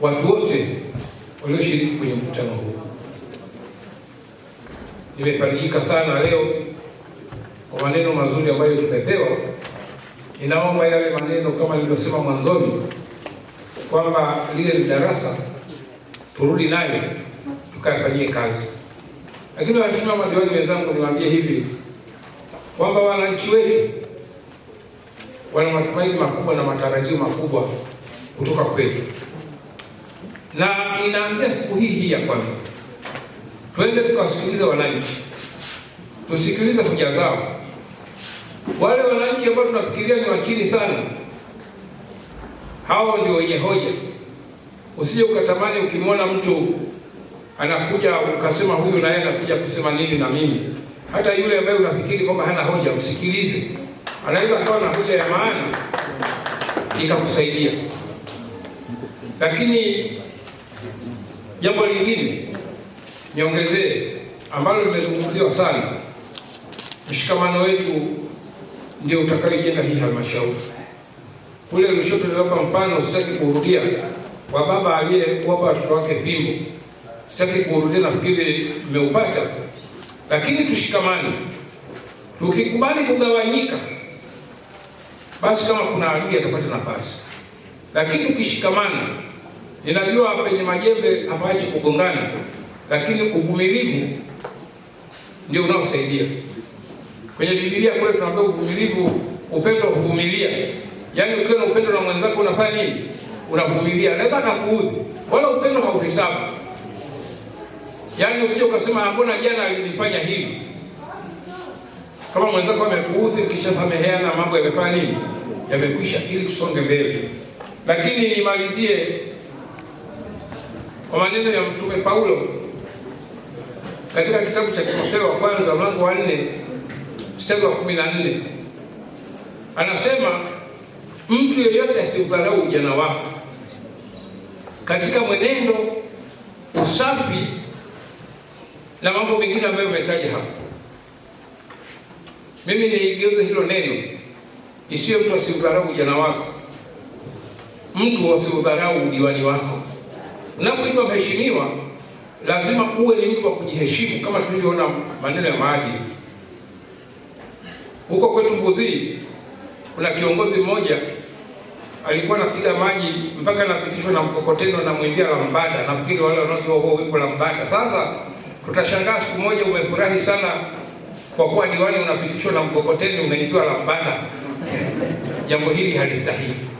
watu wote walioshiriki kwenye mkutano huu. Nimefarijika sana leo kwa maneno mazuri ambayo tumepewa. Ninaomba yale maneno kama nilivyosema mwanzoni kwamba lile ni darasa, turudi nayo tukayafanyie kazi. Lakini waheshimiwa madiwani wenzangu, niwaambie hivi kwamba wananchi wetu wana matumaini makubwa na matarajio makubwa kutoka kwetu na inaanzia siku hii hii ya kwanza. Twende tukawasikilize wananchi, tusikilize hoja zao. Wale wananchi ambao tunafikiria ni wachini sana, hao ndio wenye hoja. Usije ukatamani ukimwona mtu anakuja ukasema huyu naye anakuja kusema nini na mimi. Hata yule ambaye unafikiri kwamba hana hoja, msikilize, anaweza kuwa na hoja ya maana ikakusaidia, lakini Jambo lingine niongezee, ambalo limezungumziwa sana, mshikamano wetu ndio utakayojenga hii halmashauri. Kule Lushoto niliwapa mfano, sitaki kurudia kwa baba aliyewapa watoto wake fimbo, sitaki kurudia, nafikiri mmeupata. Lakini tushikamane, tukikubali kugawanyika, basi kama kuna adui atapata nafasi, lakini tukishikamana Ninajua penye majembe hapaachi kugongana, lakini uvumilivu ndio unaosaidia. Kwenye Biblia kule tunaambia uvumilivu, upendo huvumilia. Yaani ukiwa na upendo na mwenzako unafanya nini? Unavumilia. Anaweza akakuudhi, wala upendo hauhesabu. Yaani usije ukasema mbona jana alinifanya hivi. Kama mwenzako amekuudhi, kisha sameheana, mambo yamefanya nini? Yamekwisha, ili tusonge mbele. Lakini nimalizie kwa maneno ya Mtume Paulo katika kitabu cha Timotheo wa kwanza mlango wa nne mstari wa kumi na nne anasema mtu yeyote asiudharau ujana wako katika mwenendo, usafi na mambo mengine ambayo umetaja hapo. Mimi niligeuza hilo neno, isiyo mtu asiudharau ujana wako, mtu asiudharau udiwani wako. Unapoitwa mheshimiwa, lazima uwe ni mtu wa kujiheshimu, kama tulivyoona maneno ya maadili huko kwetu Mbuzii. Kuna kiongozi mmoja alikuwa anapiga maji mpaka anapitishwa na mkokoteni, anamwimbia Lambada. Nafikiri wale wanaojua huo wimbo Lambada. Sasa tutashangaa siku moja umefurahi sana kwa kuwa diwani unapitishwa na mkokoteni, umeimbia Lambada. Jambo hili halistahili.